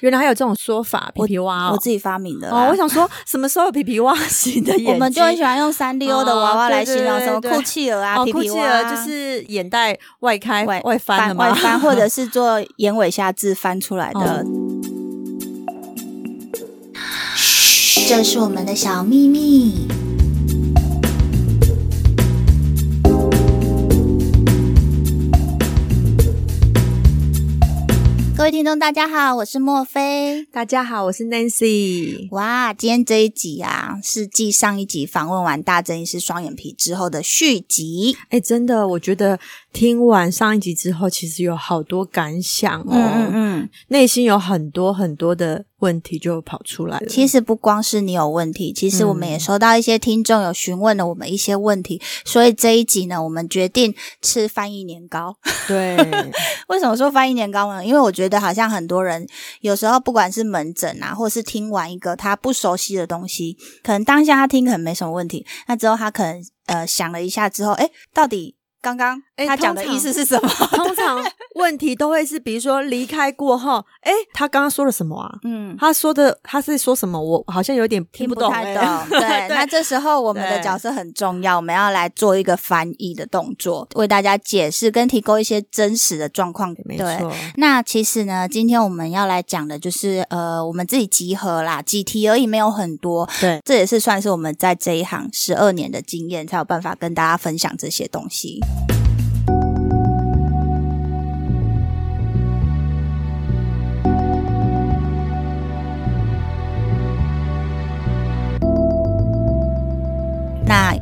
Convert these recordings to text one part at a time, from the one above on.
原來還有這種說法，皮皮蛙，哦，我，我自己發明的。哦，我想說，什麼時候皮皮蛙型的眼 我們就很喜歡用三 D O 的娃娃來形容，什麼酷氣鵝啊，酷氣鵝就是眼袋外開、外，外翻的，外翻或者是做眼尾下字翻出來的。噓、哦，這是我們的小秘密。聽眾大家好，我是莫非。大家好，我是 Nancy。是哇，今天這一集啊，是繼上一集訪問完大正醫師雙眼皮之後的續集。哎、欸，真的，我覺得。聽完上一集之後，其實有好多感想哦，嗯，嗯、內心有很多很多的問題就跑出來了。其實不光是你有問題，其實我們也收到一些聽眾有詢問了我們一些問題，嗯、所以這一集呢，我們決定吃翻譯年糕。對， 為什麼說翻譯年糕呢？因為我覺得好像很多人有時候不管是門診啊，或是聽完一個他不熟悉的東西，可能當下他聽可能沒什麼問題，那之後他可能呃想了一下之後，哎、欸，到底。剛剛他講的意思是什麼？欸、通常、通常問題都會是，比如說離開過後，哎、欸，他剛剛說了什麼啊？嗯，他說的他是說什麼？我好像有點聽不懂。不懂欸、對，對對，那這時候我們的角色很重要，對我們要來做一個翻譯的動作，為大家解釋跟提供一些真實的狀況。對，錯那其實呢，今天我們要來講的就是，呃，我們自己集合啦，幾題而已，沒有很多。對，這也是算是我們在這一行十二年的經驗，才有辦法跟大家分享這些東西。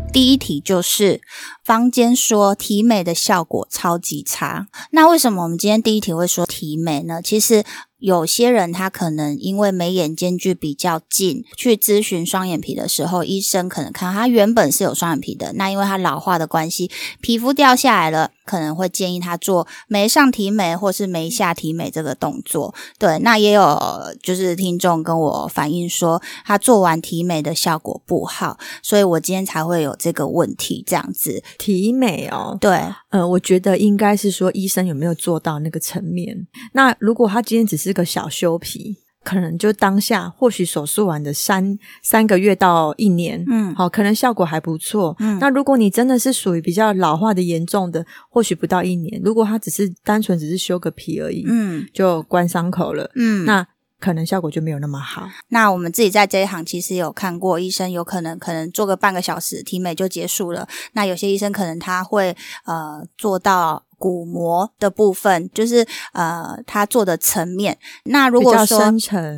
第一題就是，坊間說提眉的效果超級差，那為什麼我們今天第一題會說提眉呢？其實。有些人他可能因為眉眼間距比較近，去諮詢雙眼皮的時候，醫生可能看他原本是有雙眼皮的，那因為他老化的關係，皮膚掉下來了，可能會建議他做眉上提眉或是眉下提眉這個動作。對，那也有就是聽眾跟我反映說，他做完提眉的效果不好，所以我今天才會有這個問題，這樣子。提眉哦，對。呃，我覺得應該是說，醫生有沒有做到那個層面。那如果他今天只是個小修皮，可能就當下或許手術完了三三個月到一年，嗯，好、哦，可能效果還不錯。嗯，那如果你真的是屬於比較老化的嚴重的，或許不到一年。如果他只是單純只是修個皮而已，嗯，就關傷口了，嗯，那。可能效果就沒有那麼好。那我們自己在這一行其實有看過醫生，有可能可能做個半個小時，提眉就結束了。那有些醫生可能他會呃做到骨膜的部分，就是呃他做的層面。那如果說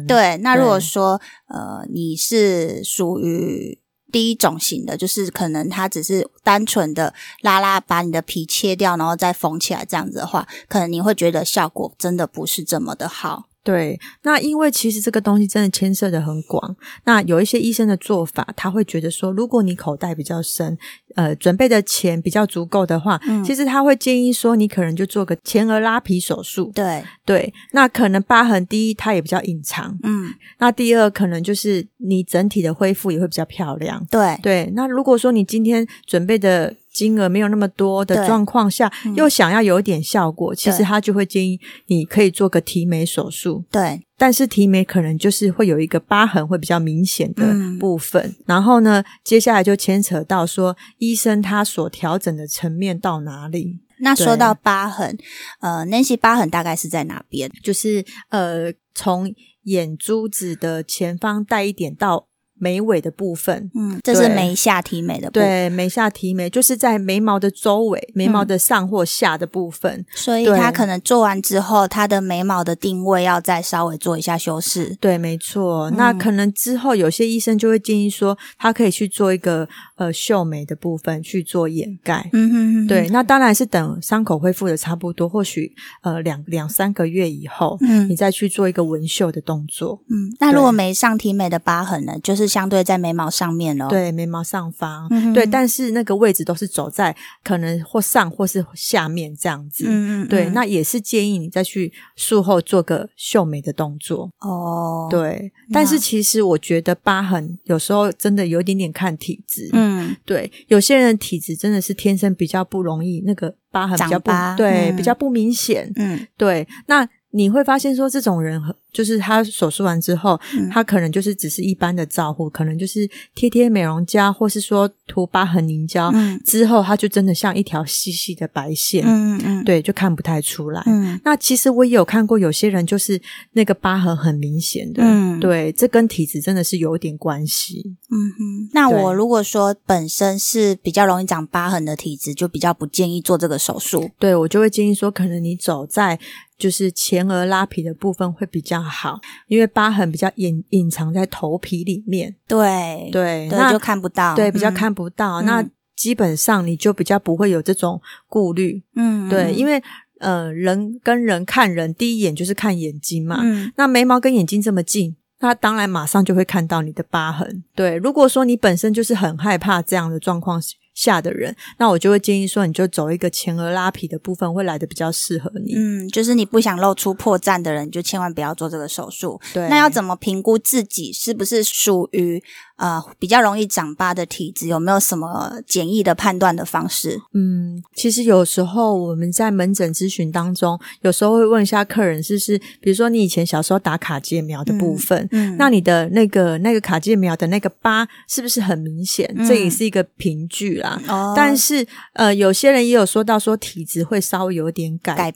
對，那如果說對呃你是屬於第一種型的，就是可能他只是單純的拉拉把你的皮切掉，然後再縫起來這樣子的話，可能你會覺得效果真的不是這麼的好。對，那因為其實這個東西真的牽涉得很廣。那有一些醫生的做法，他會覺得說，如果你口袋比較深，呃，準備的錢比較足夠的話，嗯，其實他會建議說，你可能就做個前額拉皮手術。對對，那可能疤痕第一它也比較隱藏，嗯，那第二可能就是你整體的恢復也會比較漂亮。對對，那如果說你今天準備的。金額沒有那麼多的狀況下，對又想要有一點效果，嗯、其實他就會建議你可以做個提眉手術。對，但是提眉可能就是會有一個疤痕會比較明顯的部分。嗯、然後呢，接下來就牽扯到說醫生他所調整的層面到哪裡。那說到疤痕，對呃，那些疤痕大概是在哪邊？就是呃，從眼珠子的前方帶一點到。眉尾的部分，嗯，這是眉下提眉的部分。對，眉下提眉就是在眉毛的周圍，眉毛的上或下的部分，嗯，所以他可能做完之後，對他的眉毛的定位要再稍微做一下修飾，對，沒錯。那可能之後有些醫生就會建議說，他可以去做一個呃繡眉的部分去做掩蓋，嗯嗯嗯，對。那當然是等傷口恢復的差不多，或許呃兩兩三個月以後，嗯，你再去做一個紋繡的動作，嗯。那如果眉上提眉的疤痕呢，就是。相對在眉毛上面哦，對，眉毛上方，嗯哼，對，但是那個位置都是走在可能或上或是下面這樣子，嗯嗯，對，那也是建議你再去術後做個秀眉的動作哦，對，但是其實我覺得疤痕有時候真的有一點點看體質，嗯，對，有些人的體質真的是天生比較不容易那個疤痕，比較不，長疤，對，嗯、比較不明顯，嗯，對，那。你會發現說這種人，就是他手術完之後，嗯、他可能就是只是一般的照護，可能就是貼貼美容膠，或是說塗疤痕凝膠、嗯、之後，他就真的像一條細細的白線。嗯嗯、對，就看不太出來。嗯、那其實我也有看過有些人就是那個疤痕很明顯的。嗯、對，這跟體質真的是有點關係、嗯。那我如果說本身是比較容易長疤痕的體質，就比較不建議做這個手術。對，我就會建議說，可能你走在。就是前額拉皮的部分會比較好，因為疤痕比較隱隱藏在頭皮裡面，對對，對那就看不到，對，比較看不到，嗯，那基本上你就比較不會有這種顧慮，嗯，對，因為呃，人跟人看人第一眼就是看眼睛嘛，嗯，那眉毛跟眼睛這麼近，那當然馬上就會看到你的疤痕，對，如果說你本身就是很害怕這樣的狀況下的人，那我就會建議說，你就走一個前額拉皮的部分會來的比較適合你。嗯，就是你不想露出破綻的人，就千萬不要做這個手術。對，那要怎麼評估自己是不是屬於？呃，比較容易長疤的體質，有沒有什麼簡易的判斷的方式？嗯，其實有時候我們在門診諮詢當中，有時候會問一下客人是不是，就是比如說你以前小時候打卡介苗的部分，嗯嗯、那你的那個那個卡介苗的那個疤是不是很明顯？嗯、這也是一個憑據啦。嗯哦、但是呃，有些人也有說到說體質會稍微有點改變改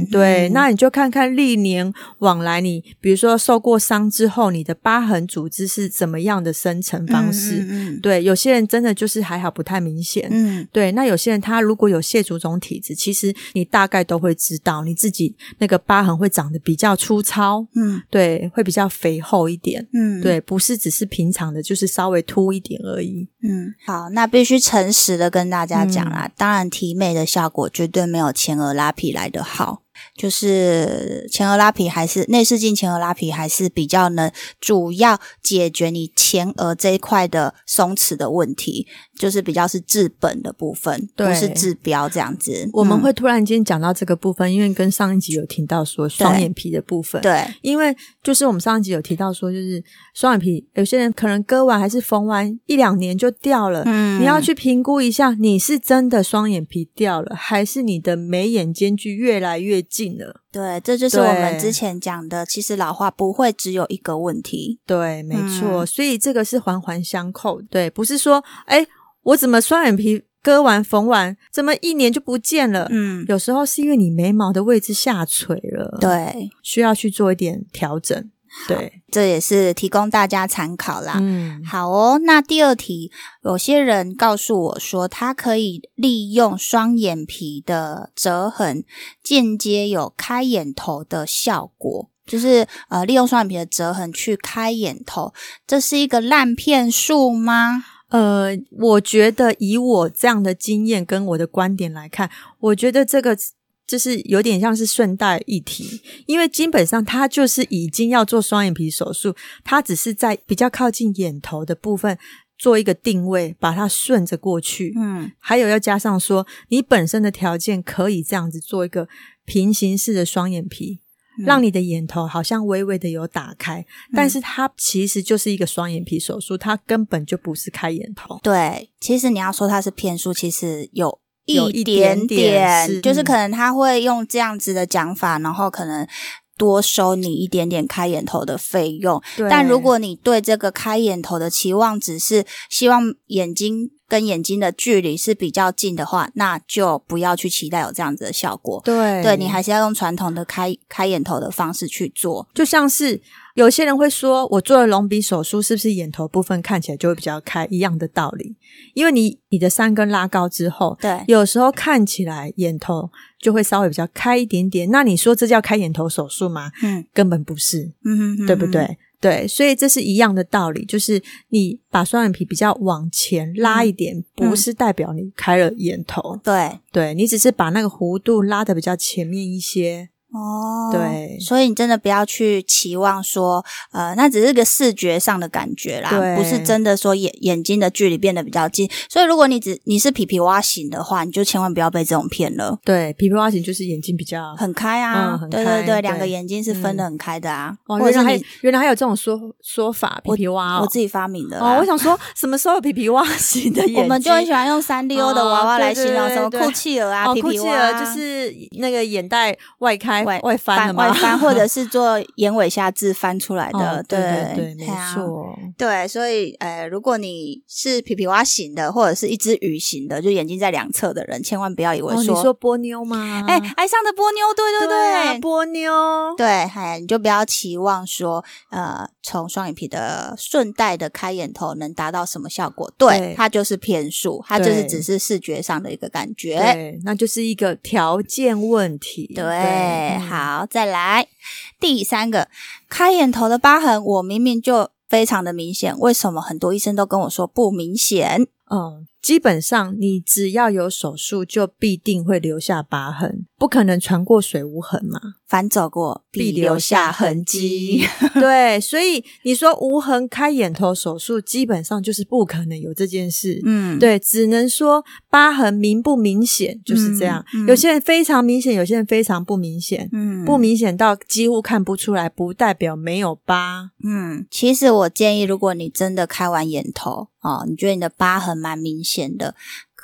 變，對，嗯、那你就看看歷年往來你，你比如說受過傷之後，你的疤痕組織是怎麼樣的生長。成方式，嗯。嗯對，有些人真的就是還好不太明顯，嗯，對。那有些人他如果有蟹足腫體質，其實你大概都會知道，你自己那個疤痕會長得比較粗糙，嗯，對，會比較肥厚一點，嗯，對，不是只是平常的，就是稍微凸一點而已，嗯。好，那必須誠實的跟大家講啦，嗯、當然提眉的效果絕對沒有前額拉皮來得好。就是前額拉皮還是內視鏡前額拉皮還是比較能主要解決你前額這一塊的鬆弛的問題。就是比較是治本的部分，不對是治標這樣子。我們會突然間講到這個部分，嗯、因為跟上一集有聽到說雙眼皮的部分。對，因為就是我們上一集有提到說，就是雙眼皮有些人可能割完還是縫完一兩年就掉了。嗯，你要去評估一下，你是真的雙眼皮掉了，還是你的眉眼間距越來越近了？對，這就是我們之前講的，對其實老化不會只有一個問題。對，沒錯，嗯、所以這個是環環相扣。對，不是說哎。欸我怎麼雙眼皮割完縫完，怎麼一年就不見了？嗯，有時候是因為你眉毛的位置下垂了，對，需要去做一點調整。對，這也是提供大家參考啦。嗯，好哦。那第二題，有些人告訴我說，他可以利用雙眼皮的折痕，間接有開眼頭的效果，就是呃，利用雙眼皮的折痕去開眼頭，這是一個爛騙術嗎？呃，我覺得以我這樣的經驗跟我的觀點來看，我覺得這個就是有點像是順帶一提，因為基本上他就是已經要做雙眼皮手術，他只是在比較靠近眼頭的部分做一個定位，把它順着過去。嗯，還有要加上說，你本身的條件可以這樣子做一個平行式的雙眼皮。讓你的眼頭好像微微的有打開，嗯、但是它其實就是一個雙眼皮手術，它根本就不是開眼頭。對，其實你要說它是騙術，其實有一點點，有一點點是就是可能他會用這樣子的講法，然後可能多收你一點點開眼頭的費用。對但如果你對這個開眼頭的期望只是希望眼睛。跟眼睛的距離是比較近的話，那就不要去期待有這樣子的效果。對，對，你還是要用傳統的開開眼頭的方式去做。就像是有些人會說，我做了隆鼻手術，是不是眼頭部分看起來就會比較開？一樣的道理，因為你你的山根拉高之後，對，有時候看起來眼頭就會稍微比較開一點點。那你說這叫開眼頭手術嗎？嗯，根本不是，嗯哼哼哼，對不對？對，所以這是一樣的道理，就是你把雙眼皮比較往前拉一點，嗯、不是代表你開了眼頭，對、嗯、對，你只是把那個弧度拉的比較前面一些。哦，對，所以你真的不要去期望說，呃，那只是個視覺上的感覺啦，不是真的說眼眼睛的距離變得比較近。所以如果你只你是皮皮蛙型的話，你就千萬不要被這種騙了。對，皮皮蛙型就是眼睛比較很開啊，對對對，兩個眼睛是分得很開的啊。原來還原來還有這種說說法，皮皮蛙，我自己發明的。哦，我想說什麼時候有皮皮蛙型的眼睛？我們就很喜歡用三麗鷗的娃娃來形容什麼酷企鵝啊，皮皮蛙就是那個眼袋外開。外，外，翻外翻，外翻， 或者是做眼尾下字翻出來的，哦、對對對，對沒錯、啊，對，所以呃，如果你是皮皮蛙型的，或者是一只魚型的，就眼睛在兩側的人，千萬不要以為說，哦、你說波妞嗎？哎、欸，愛上的波妞，對對對，波、啊、妞，對，哎，你就不要期望說，呃，從雙眼皮的順帶的開眼頭能達到什麼效果。對，對它就是騙術，它就是只是視覺上的一個感覺，對，對，那就是一個條件問題，對。對嗯、好，再來第三個，開眼頭的疤痕，我明明就非常的明顯，為什麼很多醫生都跟我說不明顯？嗯，基本上你只要有手術，就必定會留下疤痕，不可能船過水無痕嘛。凡走過，必留下痕跡。 對，所以你說無痕開眼頭手術，基本上就是不可能有這件事。嗯，對，只能說疤痕明不明顯就是這樣。嗯嗯、有些人非常明顯，有些人非常不明顯。嗯，不明顯到幾乎看不出來，不代表沒有疤。嗯，其實我建議，如果你真的開完眼頭，哦，你覺得你的疤痕蠻明顯的。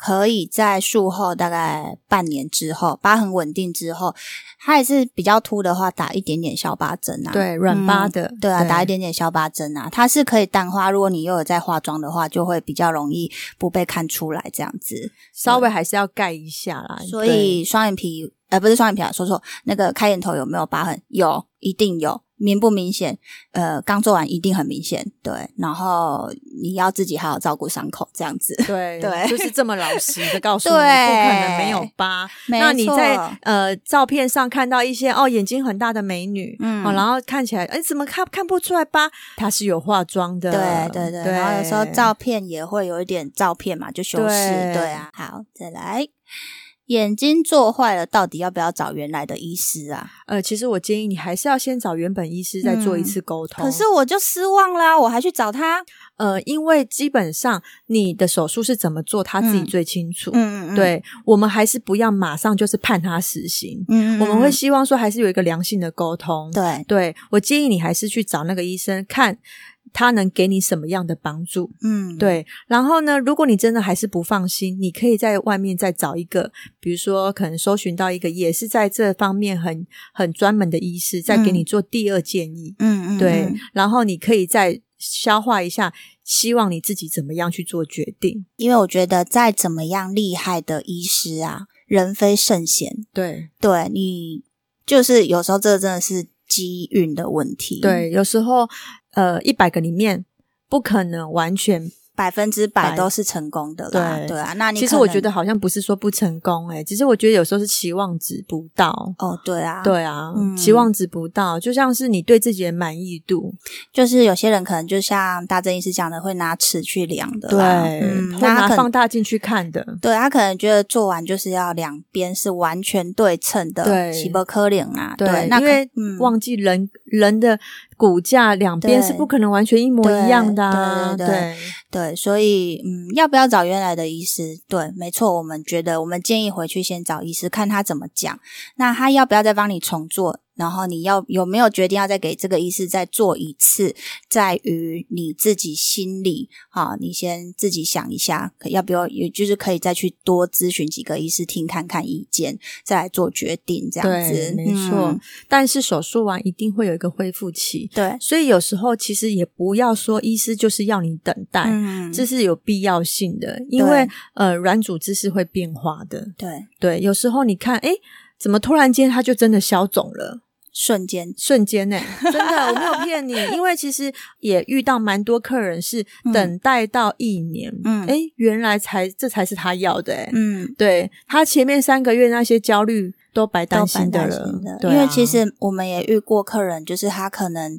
可以在術後大概半年之後，疤痕穩定之後，它也是比較凸的話，打一點點消疤針啊，對，軟疤的，嗯，對啊，對，打一點點消疤針啊，它是可以淡化。如果你又有在化妝的話，就會比較容易不被看出來，這樣子稍微還是要蓋一下啦。所以對，雙眼皮。哎、呃，不是雙眼皮，說錯。那個開眼頭有沒有疤痕？有，一定有。明不明顯？呃，剛做完一定很明顯。對，然後你要自己好好照顧傷口，這樣子。對對，對就是這麼老實的告訴你， 對不可能沒有疤。對那你在錯呃照片上看到一些哦眼睛很大的美女，嗯、啊，然後看起來哎、欸、怎麼看看不出來疤？她是有化妝的。對對對，對然後有時候照片也會有一點照片嘛，就修飾。對，對啊，好，再來。眼睛做壞了，到底要不要找原來的醫師啊？呃，其實我建議你還是要先找原本醫師再做一次溝通。嗯。可是我就失望啦，啊，我還去找他。呃，因為基本上你的手術是怎麼做，他自己最清楚。嗯，對，嗯嗯。對我們還是不要馬上就是判他死刑。嗯，嗯嗯。我們會希望說還是有一個良性的溝通。對對，我建議你還是去找那個醫生看他能給你什麼樣的幫助？嗯，對。然後呢，如果你真的還是不放心，你可以在外面再找一個，比如說可能搜尋到一個也是在這方面很很專門的醫師，再給你做第二建議。嗯嗯，對。嗯嗯嗯，然後你可以再消化一下，希望你自己怎麼樣去做決定。因為我覺得，再怎麼樣厲害的醫師啊，人非聖賢。對對，你就是有時候這真的是機運的問題。對，有時候。呃，一百個裡面不可能完全百分之百都是成功的，對對啊。那你其實我覺得好像不是說不成功，哎，其實我覺得有時候是期望值不到。哦，對啊，對啊，期望值不到，就像是你對自己的滿意度，就是有些人可能就像大正醫師講的，會拿尺去量的，對，會拿放大鏡去看的，對他可能覺得做完就是要兩邊是完全對稱的，對，是不可能啊，對，因為忘記人。人的骨架兩邊對是不可能完全一模一樣的啊，對，對對，對，對，對，所以嗯，要不要找原來的醫師？對，沒錯，我們覺得我們建議回去先找醫師看他怎麼講，那他要不要再幫你重做？然後你要有沒有決定要再給這個醫師再做一次，在於你自己心裡好、啊、你先自己想一下，可要不要，也就是可以再去多諮詢幾個醫師聽看看意見，再來做決定。這樣子。對，沒錯。嗯、但是手術完一定會有一個恢復期，對。所以有時候其實也不要說醫師就是要你等待，嗯、這是有必要性的，因為對呃，軟組織是會變化的。對對，有時候你看，哎。怎麼突然間他就真的消腫了？瞬間、欸，瞬間呢？真的，我沒有騙你，因為其實也遇到蠻多客人是等待到一年，嗯，哎、欸，原來才這才是他要的、欸，嗯，對，他前面三個月那些焦慮都白擔心的，對。因為其實我們也遇過客人，就是他可能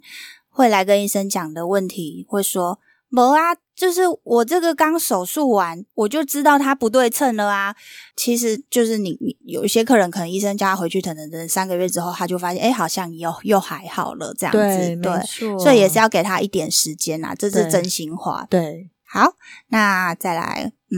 會來跟醫生講的問題，會說。沒啊，就是我這個剛手術完，我就知道它不對稱了啊。其實，就是你，你有一些客人，可能醫生叫他回去等，等，等三個月之後，他就發現，哎，好像你又又還好了這樣子。對，對。沒錯。所以也是要給他一點時間吶，這是真心話。對，對。好，那再來，嗯，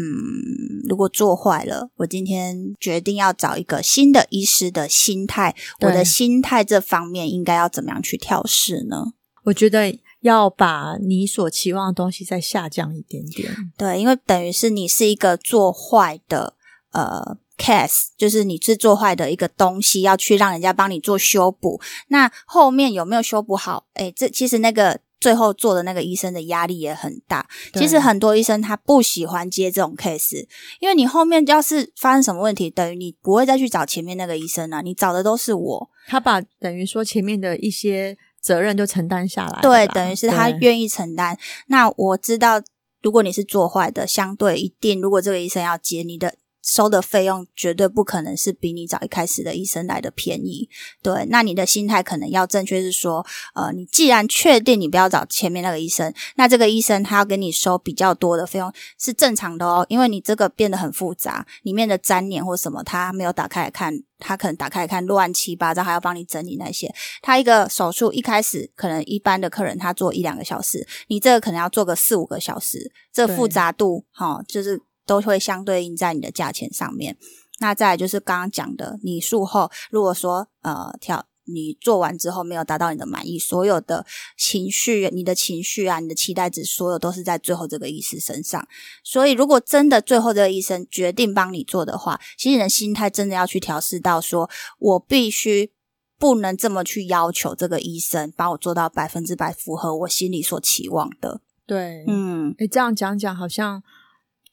如果做壞了，我今天決定要找一個新的醫師的心態，對。我的心態這方面應該要怎麼樣去調適呢？我覺得。要把你所期望的東西再下降一點點，對，因為等於是你是一個做壞的呃 case，就是你是做壞的一個東西，要去讓人家幫你做修補。那後面有沒有修補好？哎，這其實那個最後做的那個醫生的壓力也很大。對其實很多醫生他不喜歡接這種 case，因為你後面要是發生什麼問題，等於你不會再去找前面那個醫生了啊，你找的都是我。他把等於說前面的一些。責任就承擔下來，對，等於是他願意承擔。對那我知道，如果你是做壞的，相對一定，如果這個醫生要接你的，收的費用絕對不可能是比你找一開始的醫生來的便宜，對？那你的心態可能要正確，是說，呃，你既然確定你不要找前面那個醫生，那這個醫生他要給你收比較多的費用是正常的哦，因為你這個變得很複雜，裡面的粘連或什麼他沒有打開來看，他可能打開來看亂七八糟，還要幫你整理那些。他一個手術一開始可能一般的客人他做一兩個小時，你這個可能要做個四五個小時，這複雜度哈對、哦、就是。都會相對應在你的價錢上面。那再來就是剛剛講的，你術後如果說呃調你做完之後沒有達到你的滿意，所有的情緒，你的情緒啊，你的期待值，所有都是在最後這個醫師身上。所以如果真的最後這個醫生決定幫你做的話，其實你的心態真的要去調試到說，說我必須不能這麼去要求這個醫生幫我做到百分之百符合我心裡所期望的。對，嗯，哎、欸，這樣講講好像。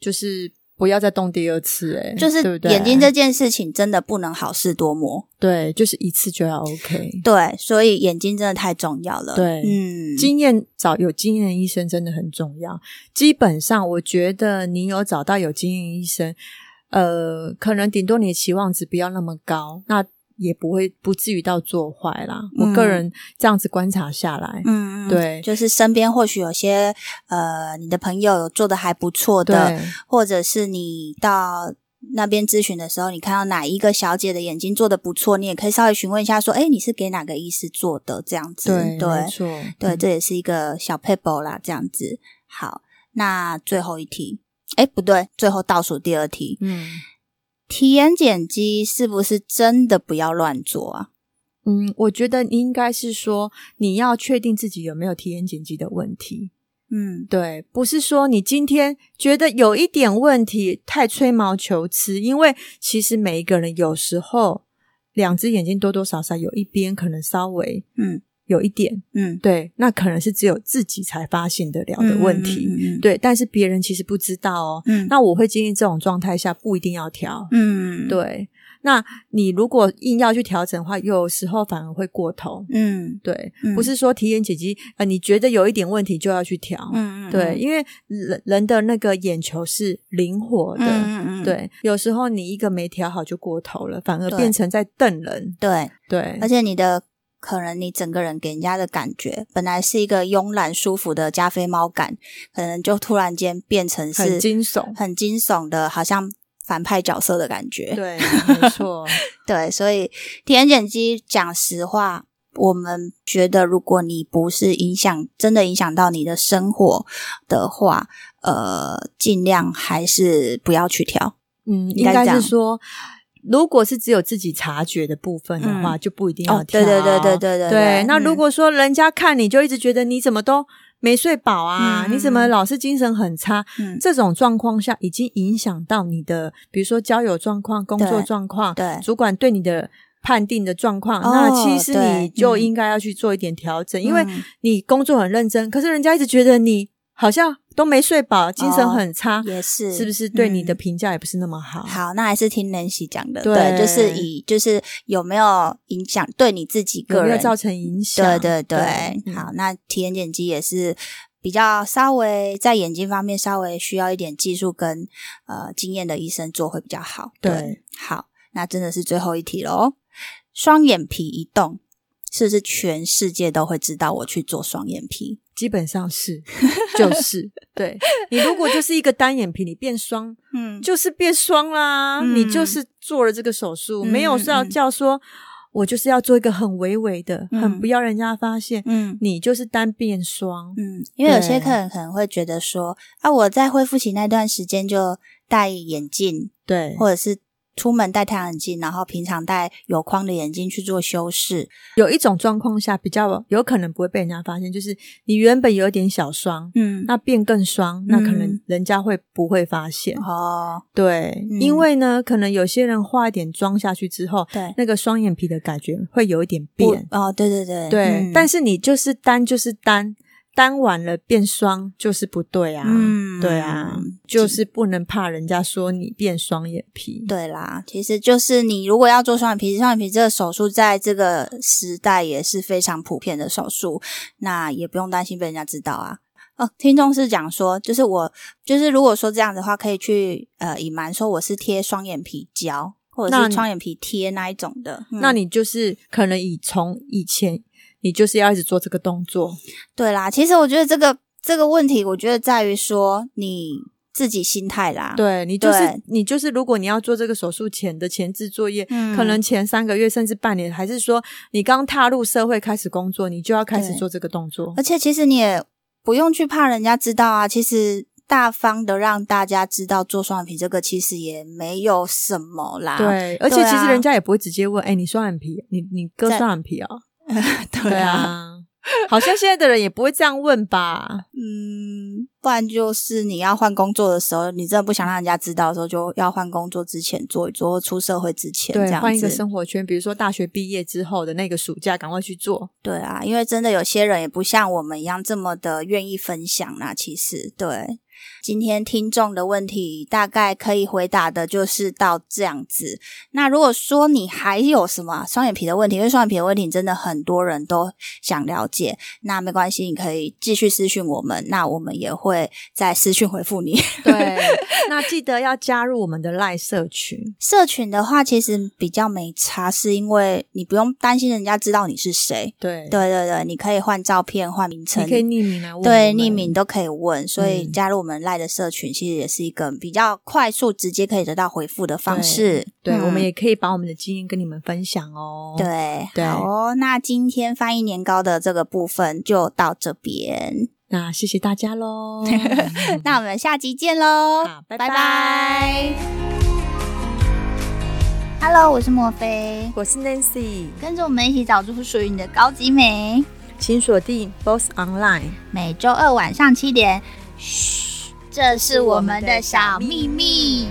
就是不要再動第二次，欸，誒就是眼睛這件事情真的不能好事多磨，對，就是一次就要 OK，對，所以眼睛真的太重要了，對，嗯，經驗找有經驗的醫生真的很重要。基本上，我覺得你有找到有經驗的醫生，呃，可能頂多你的期望值不要那麼高，那。也不會不至於到做壞啦。嗯、我個人這樣子觀察下來，嗯嗯，對，就是身邊或許有些呃，你的朋友有做的還不錯的，對或者是你到那邊諮詢的時候，你看到哪一個小姐的眼睛做的不錯，你也可以稍微詢問一下，說，哎、欸，你是給哪個醫師做的這樣子？對，沒錯，對，這也是一個小撇步啦，這樣子。好，那最後一題，哎、欸，不對，最後倒數第二題，嗯。提眼瞼肌是不是真的不要亂做啊？嗯，我覺得應該是說你要確定自己有沒有提眼瞼肌的問題。嗯，對，不是說你今天覺得有一點問題，太吹毛求疵。因為其實每一個人有時候兩隻眼睛多多少少有一邊可能稍微嗯。有一點，嗯，對，那可能是只有自己才發現得了的問題，對。但是別人其實不知道哦，嗯。那我會建議這種狀態下不一定要調，嗯，對。那你如果硬要去調整的話，有時候反而會過頭，嗯，對。不是說提眼瞼肌啊，你覺得有一點問題就要去調，嗯，對。因為人人的那個眼球是靈活的，嗯，對。有時候你一個沒調好就過頭了，反而變成在瞪人，對對。而且你的。可能你整個人給人家的感覺，本來是一個慵懶舒服的加菲貓感，可能就突然間變成是驚悚、很驚悚的，好像反派角色的感覺。對，沒錯。 對，所以提眼瞼肌。講實話，我們覺得如果你不是影響，真的影響到你的生活的話，呃，盡量還是不要去調。嗯，應該這樣，應該是說。如果是只有自己察覺的部分的話，嗯、就不一定要調整。哦。對對對對對對。對，嗯、那如果說人家看你就一直覺得你怎麼都沒睡飽啊，嗯、你怎麼老是精神很差？嗯、這種狀況下已經影響到你的，比如說交友狀況、工作狀況、對，對主管對你的判定的狀況，哦、那其實你就應該要去做一點調整，嗯、因為你工作很認真，可是人家一直覺得你。好像都沒睡飽，精神很差，也是，是不是對你的評價也不是那麼好？嗯、好，那還是聽 Nancy 講的，對，對，就是以就是有沒有影響對你自己個人有沒有造成影響？對對對。對嗯、好，那提眼瞼肌也是比較稍微在眼睛方面稍微需要一點技術跟呃經驗的醫生做會比較好。對，對，好，那真的是最後一題嘍。雙眼皮一動，是不是全世界都會知道我去做雙眼皮？基本上是，就是，對。你如果就是一個單眼皮，你變雙，就是變雙啦，你就是做了這個手術，沒有說要叫說我就是要做一個很唯唯的，很不要人家發現，你就是單變雙。因為有些客人可能會覺得說，啊，我在恢復期那段時間就戴眼鏡，對，或者是。出門戴太陽鏡，然後平常戴有框的眼鏡去做修飾。有一種狀況下比較有可能不會被人家發現，就是你原本有一點小雙，嗯，那變更雙，那可能人家會不會發現？哦、嗯，對，嗯、因為呢，可能有些人化一點妝下去之後，對，那個雙眼皮的感覺會有一點變。哦，對對對對，嗯、但是你就是單就是單。單完了變雙就是不對啊，嗯、對啊，就是不能怕人家說你變雙眼皮。對啦、啊，其實就是你如果要做雙眼皮，雙眼皮這個手術在這個時代也是非常普遍的手術，那也不用擔心被人家知道啊。哦，聽眾是講說，就是我就是如果說這樣的話，可以去呃隱瞞說我是貼雙眼皮膠或者是雙眼皮貼那一種的，那你，嗯、那你就是可能以從以前你就是要一直做這個動作，對啦。其實我覺得這個這個問題，我覺得在於說你自己心態啦。對，你就是你就是，對你就是如果你要做這個手術前的前置作業，嗯、可能前三個月甚至半年，還是說你剛踏入社會開始工作，你就要開始做這個動作。而且其實你也不用去怕人家知道啊。其實大方的讓大家知道做雙眼皮這個，其實也沒有什麼啦。對，而且其實人家也不會直接問，哎、啊欸，你雙眼皮？你你割雙眼皮啊、喔？呃、對啊， 好像現在的人也不會這樣問吧？ 嗯，不然就是你要換工作的時候，你真的不想讓人家知道的時候，就要換工作之前做一做，做出社會之前，對，這樣子，換一個生活圈，比如說大學畢業之後的那個暑假，趕快去做。對啊，因為真的有些人也不像我們一樣這麼的願意分享啊，其實對。今天聽眾的問題大概可以回答的就是到這樣子。那如果說你還有什麼啊、雙眼皮的問題，因為雙眼皮的問題真的很多人都想了解，那沒關係，你可以繼續私訊我們，那我們也會再私訊回復你。對， 那記得要加入我們的 Line 社群。社群的話，其實比較沒差，是因為你不用擔心人家知道你是誰。對，對對對，你可以換照片、換名稱，你可以匿名啊，對，我們匿名都可以問，所以加入我們、嗯。Line 的社群其實也是一個比較快速，直接可以得到回復的方式對。對，嗯、我們也可以把我們的經驗跟你們分享哦。對，對，好哦。那今天翻譯年糕的這個部分就到這邊，那謝謝大家嘍。 那我們下集見嘍！拜拜。Hello，我是墨菲，我是 Nancy，跟着我們一起找出於屬你的高級美，請鎖定 Boss Online，每周二晚上七點。噓。這是我們的小秘密。